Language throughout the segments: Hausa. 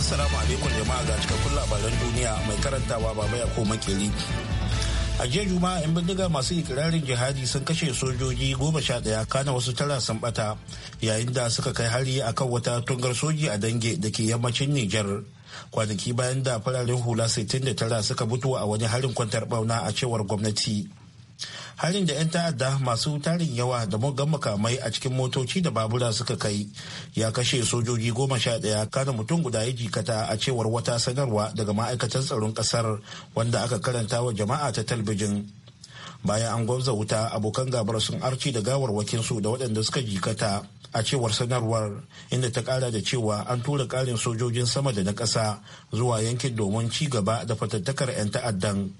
Assalamu alaikum jama'a ga cikakkun labaran duniya mai karantawa baba ya ko makeli A jiya Juma'a 'yan bindiga masu ikirarin jihadi sun kashe sojoji goma sha ɗaya kana wasu tara sun ɓata yayin da suka kai hari akan wata tungar soji a dange da ke yammacin Nijar. Kwanaki bayan da fararen hula da tara suka mutu a wani harin kwantar bauna a cewar gwamnati. harin da 'yan ta'adda masu tarin yawa da mugan makamai a cikin motoci da babura suka kai ya kashe sojoji goma sha ɗaya kada mutum guda ya jikata a cewar wata sanarwa daga ma'aikatan tsaron ƙasar wanda aka karanta wa jama'a ta talbijin bayan an gwamza wuta abokan gabar sun arci da gawarwakin su da waɗanda suka jikata a cewar sanarwar inda ta ƙara da cewa an tura ƙarin sojojin sama da na ƙasa zuwa yankin domin ci gaba da fatattakar 'yan ta'addan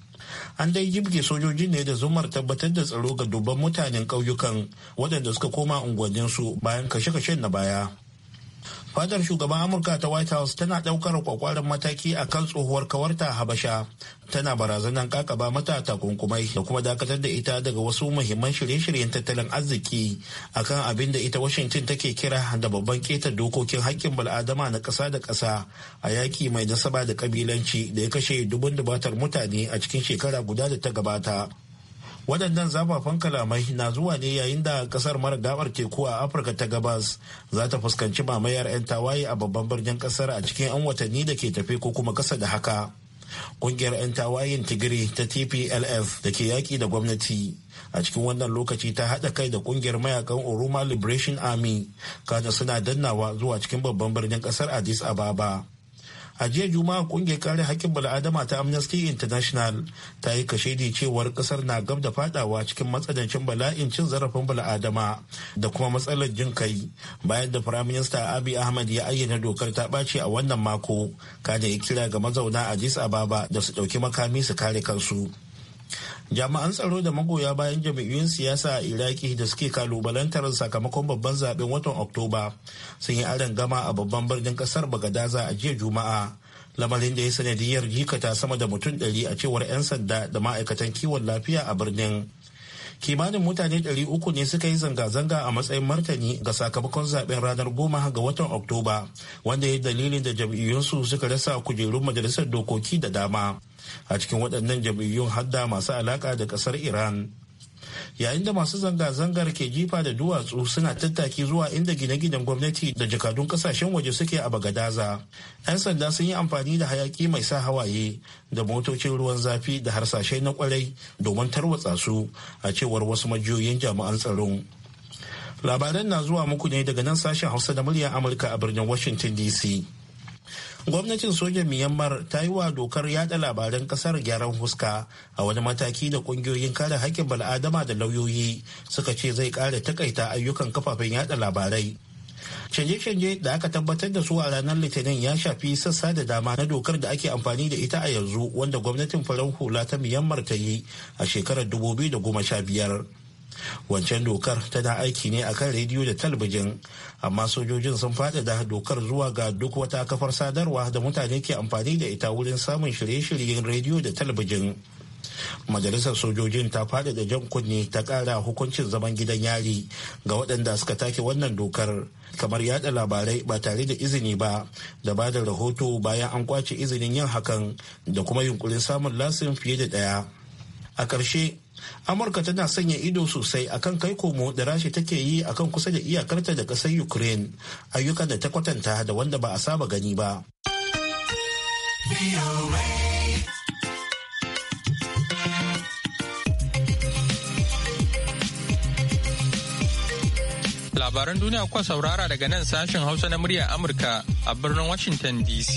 an dai jibge sojoji ne da zumar tabbatar da tsaro ga dubban mutanen ƙauyukan waɗanda suka koma unguwanninsu bayan kashe-kashen na baya fadar shugaban amurka ta white house tana daukar kwakwaran mataki a kan tsohuwar kawarta habasha tana barazanar kakaba mata takunkumai da kuma dakatar da ita daga wasu muhimman shirye-shiryen tattalin arziki akan abin da ita washington take kira da babban ketar dokokin haƙƙin bal'adama na ƙasa da ƙasa a yaƙi mai nasaba da ƙabilanci da ya kashe dubun dubatar mutane a cikin shekara guda da ta gabata waɗannan zafafan kalamai na zuwa ne yayin da ƙasar mara gabar teku a afirka ta gabas za ta fuskanci mamayar 'yan tawaye a babban birnin ƙasar a cikin 'yan watanni da ke tafe ko kuma ƙasa da haka kungiyar 'yan tawayen tigiri ta tplf da ke yaƙi da gwamnati a cikin wannan lokaci ta haɗa kai da ƙungiyar mayakan oroma liberation army kada suna dannawa zuwa cikin babban birnin kasar addis ababa a jiya juma'a kungiyar kare hakkin bala'adama ta amnesty international ta yi kashe da cewar kasar na gab da fadawa cikin matsanancin bala'in cin zarafin bala'adama da kuma matsalar jin kai bayan da prime minister abiy ahmad ya ayyana dokar ta ɓaci a wannan mako kada ya kira ga mazauna addis ababa da su ɗauki makami su kare kansu jami'an tsaro da magoya bayan jam'iyyun siyasa a iraki da suke kalubalantar sakamakon babban zaben watan oktoba sun yi aron gama a babban birnin kasar bagadaza a jiya juma'a lamarin da ya sanadiyar jikata sama da mutum ɗari a cewar 'yan sanda da ma'aikatan kiwon lafiya a birnin kimanin mutane uku ne suka yi zanga-zanga a matsayin martani ga sakamakon zaben ranar goma ga watan oktoba wanda ya dalilin da jam'iyyunsu suka rasa kujerun majalisar dokoki da dama a cikin waɗannan jam'iyyun hadda masu alaƙa da ƙasar iran yayin da masu zanga-zangar ke jifa da duwatsu suna tattaki zuwa inda gine-ginen gwamnati da jakadun kasashen waje suke a bagadaza yan sanda sun yi amfani da hayaki mai sa hawaye da motocin ruwan zafi da harsashe na kwarai domin tarwatsa su a cewar wasu majiyoyin jami'an tsaro labaran na zuwa muku ne daga nan sashen hausa da murya amurka a birnin washington dc gwamnatin sojan myanmar ta yi wa dokar yada labaran kasar gyaran huska a wani mataki da kungiyoyin kare hakkin bal'adama da lauyoyi suka ce zai ƙara takaita ayyukan kafafen yada labarai canje-canje da aka tabbatar da su a ranar litinin ya shafi sassa da dama na dokar da ake amfani da ita a yanzu wanda gwamnatin farar hula ta myanmar ta yi a shekarar 2015 wancan dokar tana aiki ne akan rediyo da talabijin amma sojojin sun faɗaɗa dokar zuwa ga duk wata kafar sadarwa da mutane ke amfani da ita wurin samun shirye-shiryen rediyo da talabijin majalisar sojojin ta faɗaɗa jan kunne ta ƙara hukuncin zaman gidan yari ga waɗanda suka take wannan dokar kamar yada labarai ba tare da izini ba da ba da rahoto bayan an kwace izinin yin hakan da kuma yunkurin samun lasin fiye da ɗaya a ƙarshe amurka tana sanya ido sosai akan kai komo da rashi take yi akan kusa da iyakarta da ƙasar ukraine ayyukan da ta kwatanta da wanda ba a saba gani ba labaran duniya kuwa saurara daga nan sashen hausa na muryar amurka a birnin washington dc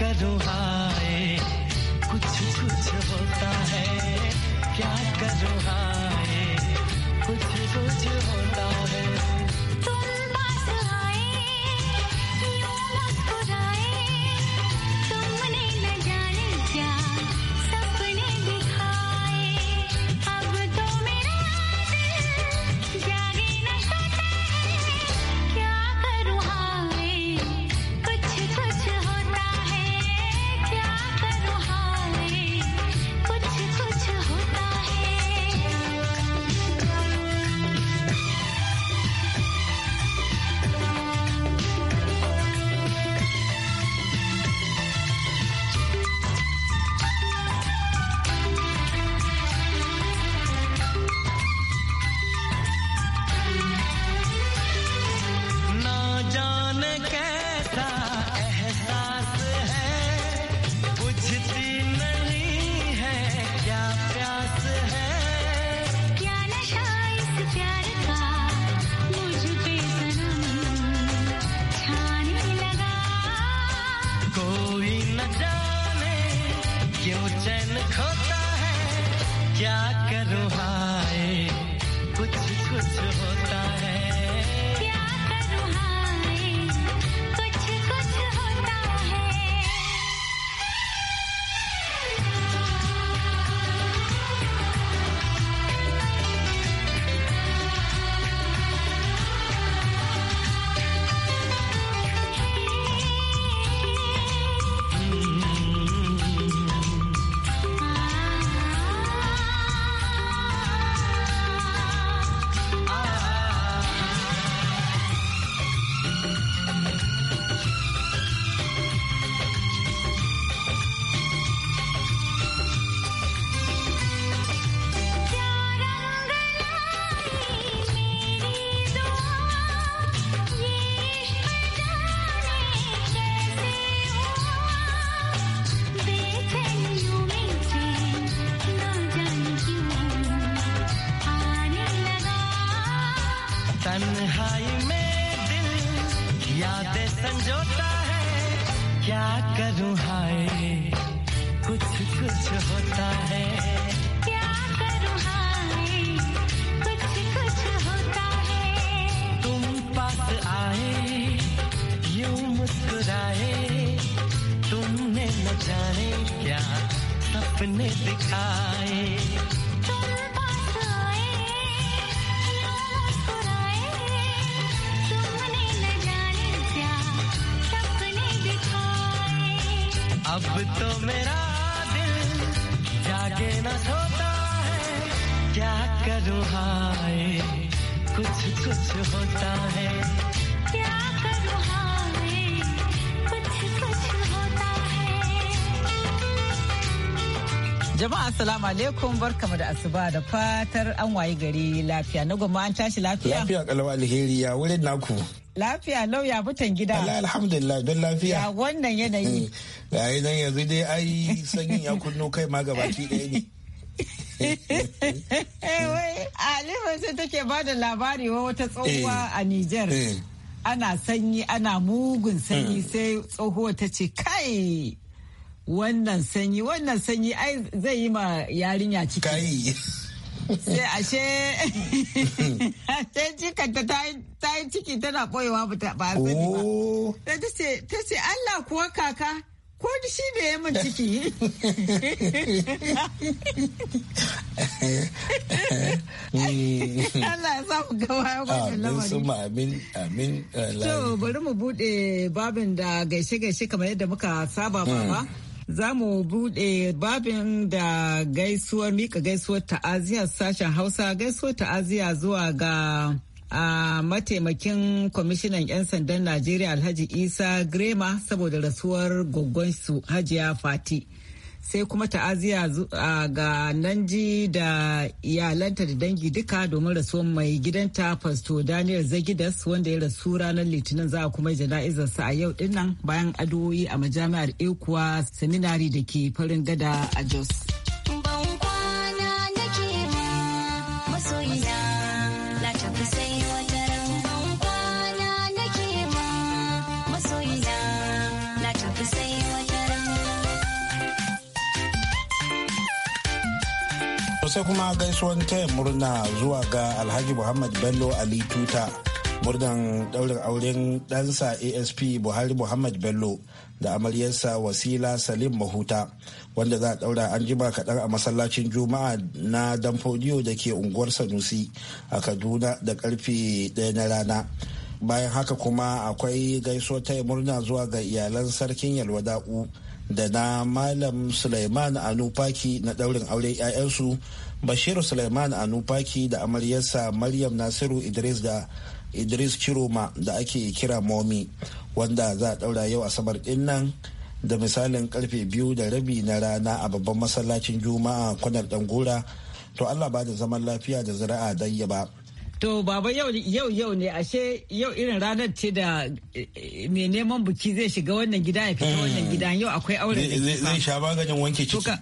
करूँ हाय कुछ कुछ होता है क्या करूँ हाय सपने दिखाए अब तो मेरा दिल जागे न सोता है क्या करूँ हाय कुछ कुछ होता है Jama'a salamu alaikum barkamu da asuba da fatar an wayi gari lafiya na gwamma an tashi lafiya. Lafiya kalwa alheri ya wuri naku. Lafiya lauya butan gida. Allah alhamdulillah don lafiya. Ya wannan yanayi. Eh, ga yi nan yanzu dai ai sanyin ya kunno kai ma gabaki ɗaya ne. Eh, wai Alifu sai take ba da labari wa wata tsohuwa eh, a Nijar. Ana sanyi ana mugun sanyi mm. sai tsohuwa ta ce kai wannan sanyi wannan sanyi ai zai yi ma yarinya ciki sai ashe sai cikanta ta yi ciki tana boyewa ba ta ba oh. ta ce Allah kuwa kaka ko da shi da ya min ciki mm. Allah ya samu gawa wannan lamari amin amin to bari mu bude babin da gaishe gaishe kamar yadda muka saba ba za mu buɗe babin da gaisuwar mika gaisuwar ta'aziyar sashen hausa gaisuwar ta'aziya zuwa ga a mataimakin kwamishinan 'yan sandan najeriya alhaji isa grema saboda rasuwar su hajiya fati sai kuma ta'aziya ga nanji da iyalanta da dangi duka domin rasuwar mai gidanta fasto daniel zagidas wanda ya rasu ranar litinin za a kuma jana'izarsa a yau dinnan bayan addu'o'i a majami'ar ekuwa seminari da ke farin gada a jos sai kuma gaisuwan taya murna zuwa ga alhaji muhammad bello ali tuta murnan daurin auren ɗansa asp buhari muhammad bello da amaryarsa wasila salim mahuta wanda za a daura an jima kaɗan a masallacin juma'a na danfodiyo da ke unguwar sanusi a kaduna da karfe ɗaya na rana bayan haka kuma akwai gaisuwar taya murna zuwa ga iyalan sarkin yalwa da'u da na malam suleiman anupaki na daurin aure 'ya'yansu bashiru suleiman anupaki da amaryarsa maryam nasiru idris da idris kiroma da ake kira momi wanda za a daura yau asabar din nan da misalin karfe biyu da rabi na rana a babban masallacin juma'a kwanar dangora to allah ba da zaman lafiya da zira'a ba. To baba yau yau yau ne ashe yau irin ranar ce da eh, eh, mai neman buki zai shiga wannan gida ya fita wannan gida hmm. yau akwai aure da zai sha baganin wanke ciki.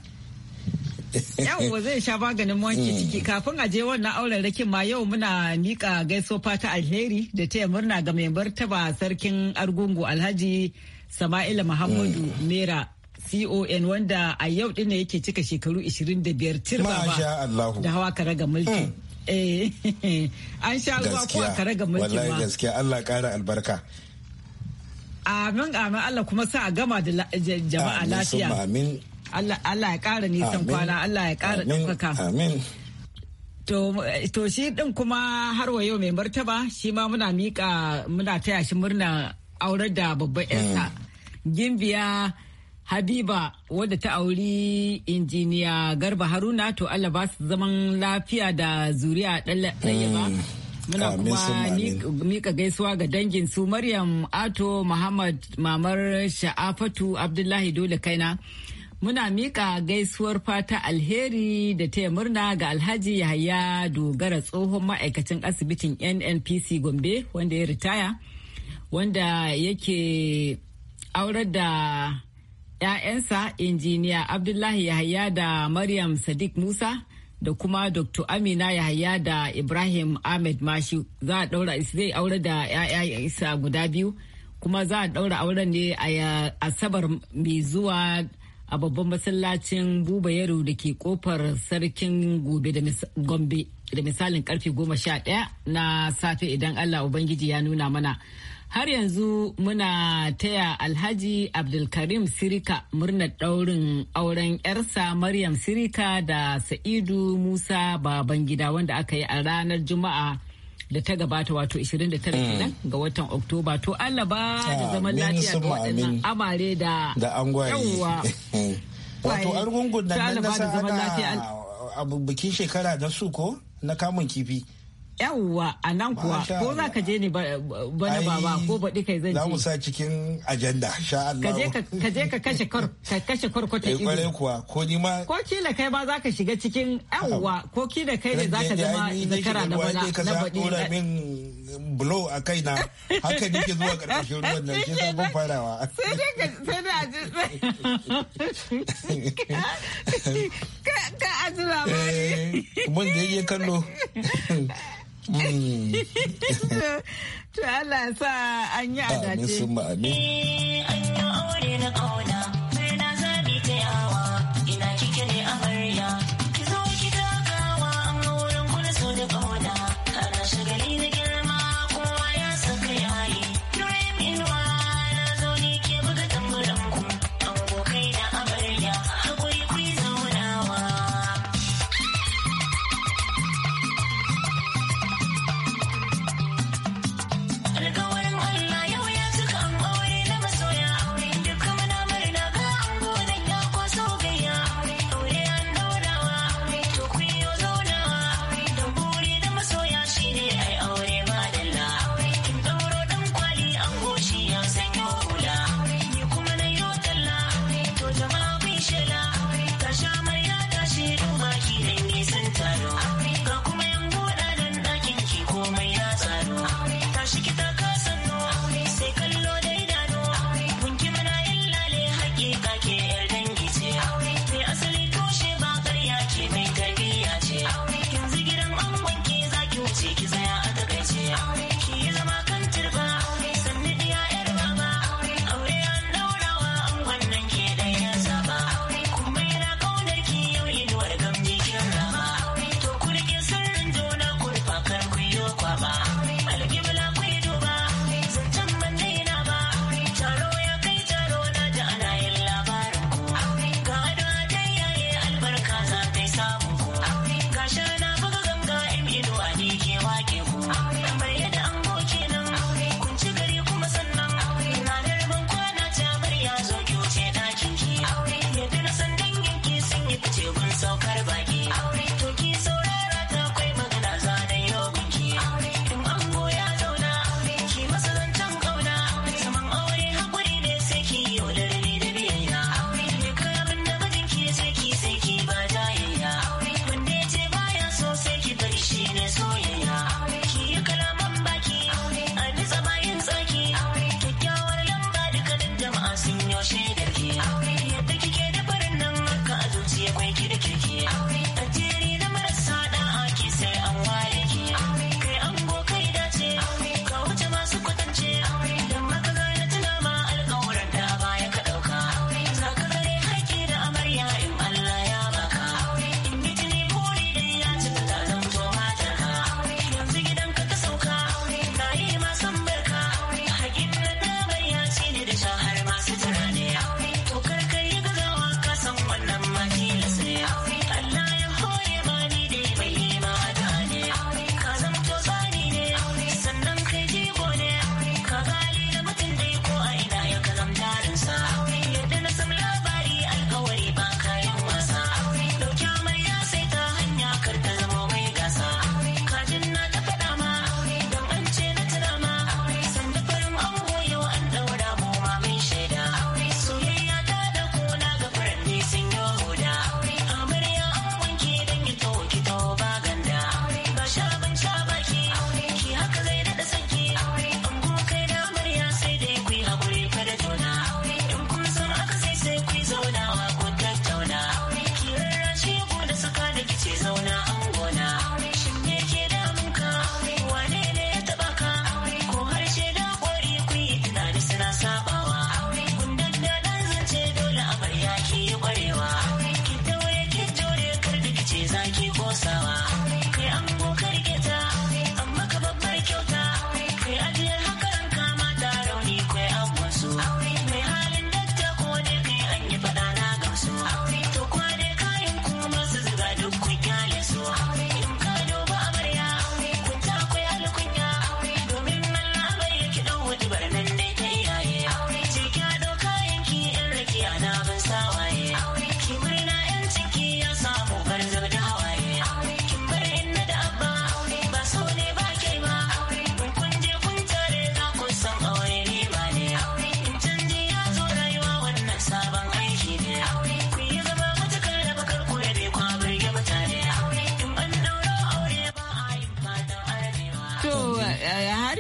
Yawwa zai sha baganin wanke hmm. ciki kafin a je wannan auren rakin ma yau muna mika gaisofa ta alheri da taya murna ga mai martaba sarkin argungu alhaji Sama'ila Muhammadu hmm. Mera con wanda a yau ɗin yake cika shekaru 25 tirba ba da hawa ga mulki. Eh, an sha ruwa ko a kare ga mulki ma wallahi gaskiya Allah ƙara albarka amin amin Allah kuma sa a gama da jama'a lafiya amin Allah ya ƙara nisan kwana Allah ya ƙara ɗaukaka amin To, shi ɗin kuma har wa yau mai martaba shi ma muna miƙa muna taya shi murna aurar da babban 'yarsa. Mm. Gimbiya Habiba wadda ta auri injiniya Garba Haruna to Allah ba su zaman lafiya da zuriya ɗaya ba. Mm. Muna kuma mika gaisuwa ga dangin su Maryam Ato Muhammad Mamar Sha'afatu Abdullahi Dole Kaina. Muna mika gaisuwar fata alheri da taya murna ga Alhaji Yahaya Dogara tsohon ma'aikacin asibitin NNPC Gombe wanda ya ritaya wanda yake aurar da 'ya'yansa injiniya abdullahi yahaya da maryam sadiq musa da kuma dr amina yahaya da ibrahim ahmed mashi za a daura zai aure da 'ya'ya isa guda biyu kuma za a daura auren ne a asabar mai zuwa a babban masallacin buba yaro da ke kofar sarkin gobe da gombe da misalin karfe goma sha ɗaya na safe idan allah ubangiji ya nuna mana Har yanzu muna taya Alhaji Abdulkarim Sirika murnar ɗaurin auren 'yarsa Maryam Sirika da Sa'idu Musa Babangida wanda aka yi a ranar Juma'a da ta gabata wato 29 mm. ga watan Oktoba. To Allah ba da zaman lafiya ga waɗannan amare da yawwa. Wato argungun nan na sa'a ana bikin shekara da su ko na kamun kifi. yawwa a nan kuwa ko za ka je bane bana baba ko baɗi kai zan je. Za mu sa cikin ajanda sha Allah. Ka je ka kashe kar ka kashe kwata eh, ido. Kwarai kuwa ko ni ma. Ko da kai ba za ka shiga cikin yawwa ko da kai ne za ka zama zakara na bana na baɗi. Ka min blow a kai na haka nike zuwa ƙarƙashin ruwan nan ke sabon farawa. Sai dai ka sai dai a ka ka a ji labari. Mun da yake kallo. To Allah sa an yi adace. Amin sun eh, ma'amin. An yi aure na kauna.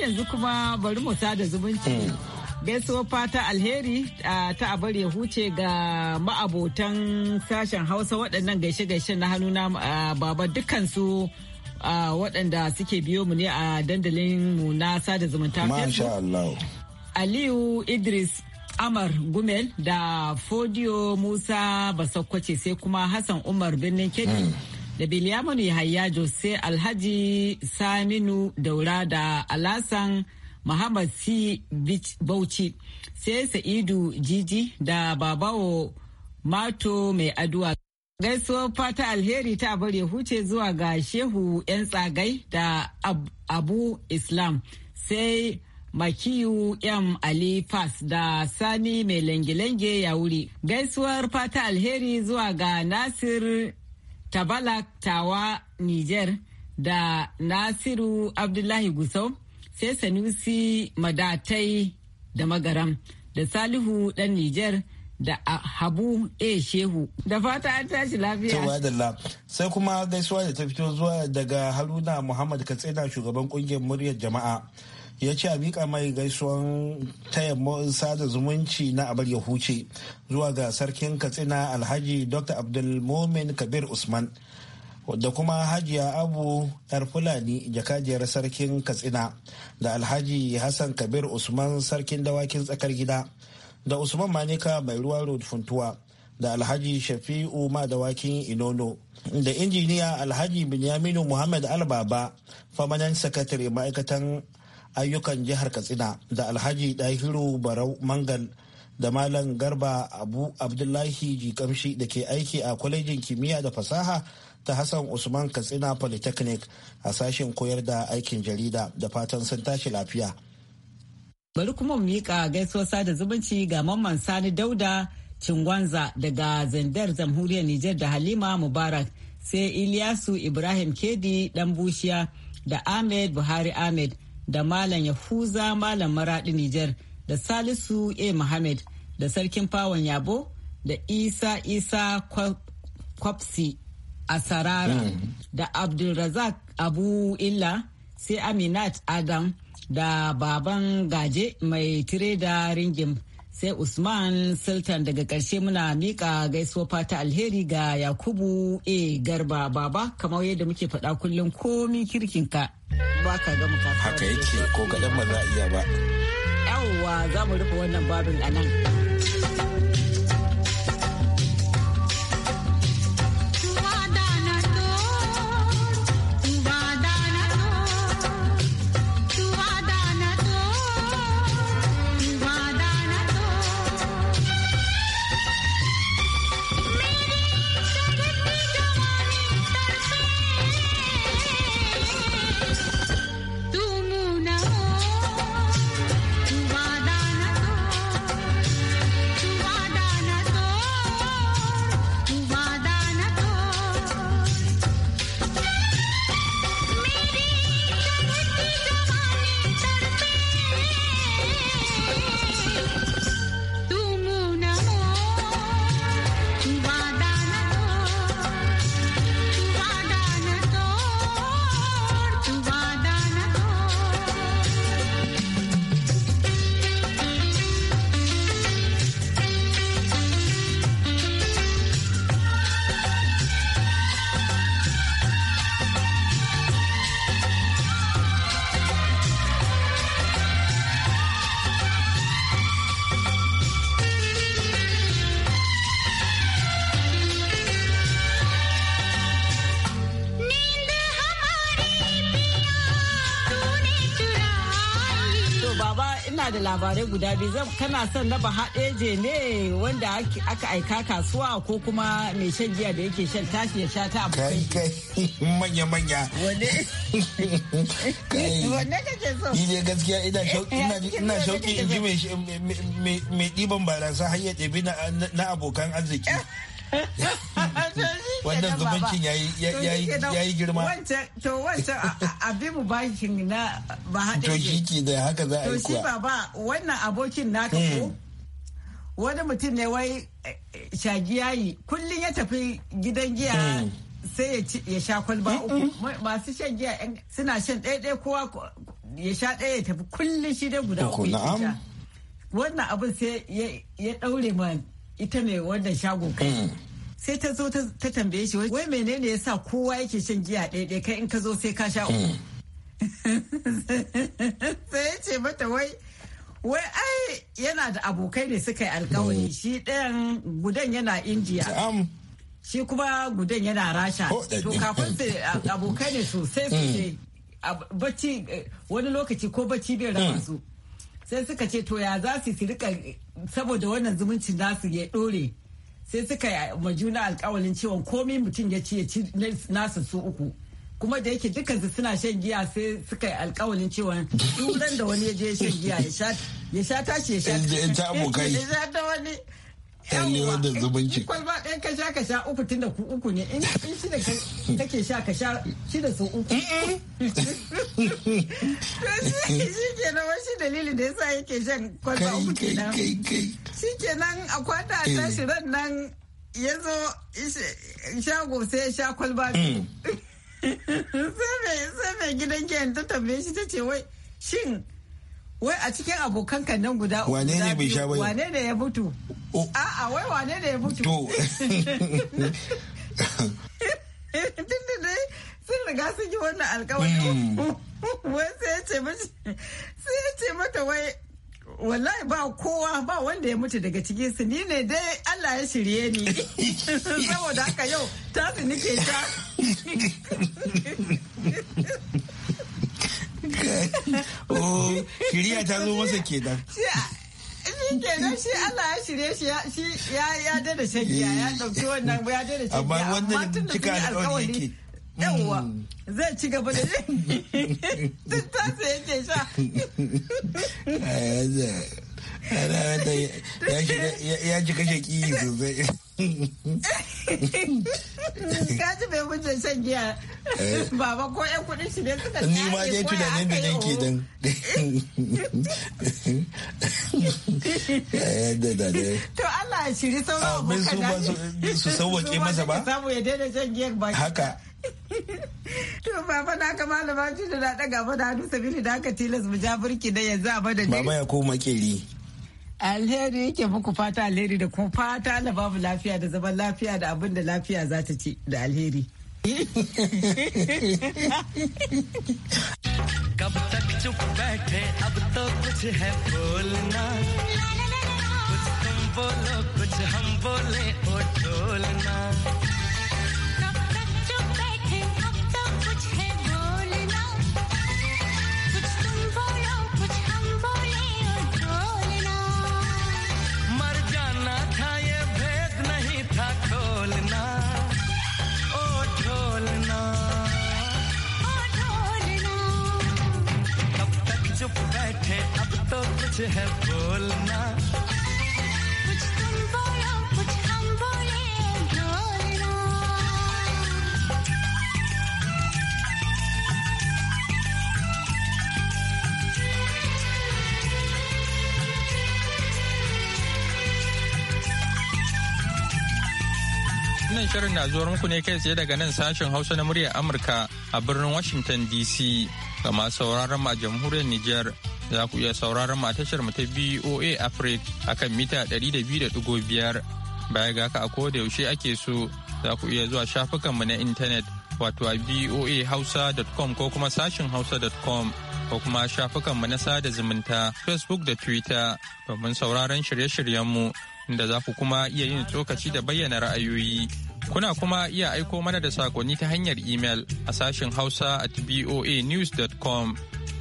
yanzu kuma bari mu sada zumunci. Hmm. Gaisuwar fata alheri ta bari ya huce ga ma'abotan sashen Hausa waɗannan gaishe-gaishe na na baba dukansu waɗanda suke biyo mu ne a dandalin mu na sada zumunta. Aliyu Idris Amar Gumel da Fodio Musa Basakwace sai kuma Hassan Umar Birnin Kebbi. Hmm. da Bilyaminu Yahaya Jose Alhaji Saminu Daura da Alasan Muhammad C. Bauchi sai Sa'idu Jiji da Babawo Mato Mai Aduwa. Gaisuwar fata alheri ta bare huce zuwa ga Shehu 'yan tsagai da Abu Islam sai Makiyu M. Ali Fas da Sani mai lange-lange ya wuri. Gaisuwar fata alheri zuwa ga Nasir tabalak Tawa Niger da Nasiru Abdullahi Gusau sai Sanusi Madatai da Magaram da Salihu dan Niger da Habu A Shehu. Da fata an tashi lafiya. Sai kuma gaisuwa da ta fito zuwa daga Haruna Muhammad Katsina shugaban kungiyar muryar jama'a. ya ce a miƙa mai gaisuwan taya sada zumunci na abar ya huce zuwa ga sarkin katsina alhaji dr abdulmomin kabir usman da kuma hajiya abu yar fulani jakajiyar sarkin katsina da alhaji hassan kabir usman sarkin dawakin tsakar gida da usman manika mai ruwa road funtuwa da alhaji shafi'u ma dawakin inono da injiniya alhaji binyaminu muhammad albaba famanan sakatare ma'aikatan ayyukan jihar katsina da alhaji dahiru barau mangal da malam garba abu abdullahi jikamshi da ke aiki a kwalejin kimiyya da fasaha ta hassan usman katsina polytechnic a sashen koyar da aikin jarida da fatan sun tashi lafiya bari kuma mu miƙa gaisuwar sada zumunci ga mamman sani dauda cingwanza daga zandar jamhuriyar nijar da halima mubarak sai iliyasu ibrahim kedi dan bushiya da ahmed buhari ahmed da Malam Yahuza Malam Maradi Nijar da Salisu A. Muhammad da Sarkin Fawon Yabo da Isa Isa Kwapsi a Sarara mm. da Abdulrazak Abu Illa sai Aminat Adam da Baban Gaje mai tire da ringim sai Usman Sultan daga ƙarshe muna miƙa gaisuwa fata alheri ga Yakubu A. Garba Baba kamar yadda muke faɗa kullum komi ka. ba ka gama kasuwa haka yake ko kaɗan ba za a iya ba yawwa za mu rufe wannan babin anan. labarai guda biyu zan kana son na bahaɗeje ne wanda aka aika kasuwa ko kuma mai shan giya da yake shan tashi ya sha ta abu kai kai manya manya wane wanne kake so ni ne gaskiya ina shauki eh, eh, ina shauki in ji mai mai diban barasa har ya ɗebi na abokan arziki wannan zumuncin ya yi girma to wancan abin mu bakin na ba haɗe to shi ki da haka za a yi kuwa to shi ba ba wannan abokin ka ko hmm. wani mutum ne wai eh, shagi yi. kullum ya tafi gidan giya hmm. sai ya sha kwalba uku masu shan giya suna shan ɗaya kowa ya sha ɗaya ya tafi kullum shi dai guda uku ya wannan abin sai ya ɗaure man ita mai wannan shago kai mm. sai ta zo ta tambaye shi wai menene yasa kowa yake shan giya ɗaya kai in ka zo sai ka sha uku mm. sai ya ce mata wai wai ai yana da abokai ne suka yi alkawari mm. shi ɗayan gudan yana indiya shi kuma gudan yana rasha to kafin su abokai ne sosai sosai bacci eh, wani lokaci ko bacci bai raba su sai suka ce to ya za su rika saboda wannan zumuncin nasu ya dore sai suka ma juna alkawalin cewa komai mutum ya ci nasu su uku kuma da yake dukkan su suna shan giya sai suka yi alkawalin cewa duk da wani ya je shan giya ya sha tashi ya sha ta ya sha ta ne wanda eh, eh, zumunci eh, kwai ba ɗan ka sha ka sha uku tun da ku uku ne in shi da kake sha ka sha shi da su uku shi ke nan wasu dalilin da yasa yake shan kwalba uku kenan shi ke nan a kwata a tashi ran nan ya zo shago sai ya sha kwalba biyu mm. sai mai gidan giyan ta tambaye shi ta ce wai shin wai a cikin abokan kannan guda uku wane ne bai sha wane ne ya mutu a'a wai wane ne ya mutu to ne sun riga sun yi wannan alkawari hmm. wai sai ya ce mata sai ya ce mata wai wallahi ba kowa ba wanda ya mutu daga cikin su ni ne dai Allah ya shirye ni saboda haka yau tasu nike ta oh shirya ta zo masa kenan shi kenan shi Allah ya shirye shi ya ya dada shagiya ya dauki wannan ya dada shagiya amma wannan cika alƙawari yake yawwa hmm. zai ci gaba da yin duk tasa yake sha ya ji kashe kiyi sosai kaji bai wuce shan giya baba ko yan kudin shi ne suka ni ma dai tunanin da nake dan yadda da ne to Allah ya shiri sauran ah, abokan su sauwake masa ba samu ya daina shan giyar ba haka To baba na ka malama shi da na daga ba da hannu sabili da aka tilas mu ja burki da yanzu a madadin. Baba ya koma keli alheri yake muku fata alheri da kuma fata na babu lafiya da zaman lafiya da abin da lafiya za ta ci da alheri. कब तक चुप बैठे अब तो कुछ है बोलना कुछ तुम बोलो कुछ हम बोले ओ ढोलना है अब तो कुछ है बोलना कुछ तुम shirin na zuwar muku ne kai tsaye daga nan sashen Hausa na muryar Amurka a birnin Washington DC. ga masu sauraron ma jamhuriyar Nijar za ku iya sauraron matashar mu ta BOA Africa akan mita 200.5 baya ga haka a koda yaushe ake so za ku iya zuwa shafukanmu na intanet wato a boahausa.com ko kuma sashin hausa.com ko kuma shafukanmu na sada zumunta facebook da twitter domin sauraron shirye-shiryenmu inda za ku kuma iya yin tsokaci da bayyana ra'ayoyi kuna kuma iya aiko mana da sakonni ta hanyar email a sashin hausa at boanews.com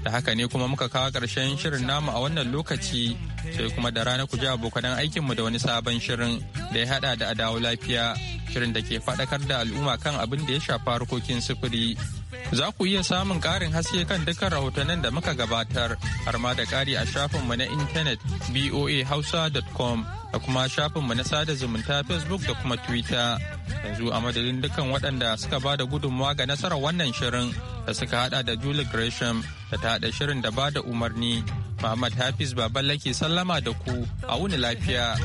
da haka ne kuma muka kawo ƙarshen shirin namu a wannan lokaci sai kuma da rana ku ji aikin aikinmu da wani sabon shirin da ya hada da adawo lafiya shirin da ke faɗakar da al'umma kan abin da ya shafa harkokin sufuri za ku iya samun ƙarin haske kan dukkan rahotannin da muka gabatar har ma da ƙari a shafinmu na intanet boahausa.com da kuma shafinmu na sada zumunta facebook da kuma twitter yanzu a madadin dukkan waɗanda suka ba da gudunmawa ga nasarar wannan shirin da suka hada da julie gresham da ta haɗa shirin da ba da umarni Muhammad Hafiz Baballake sallama da ku a wuni lafiya.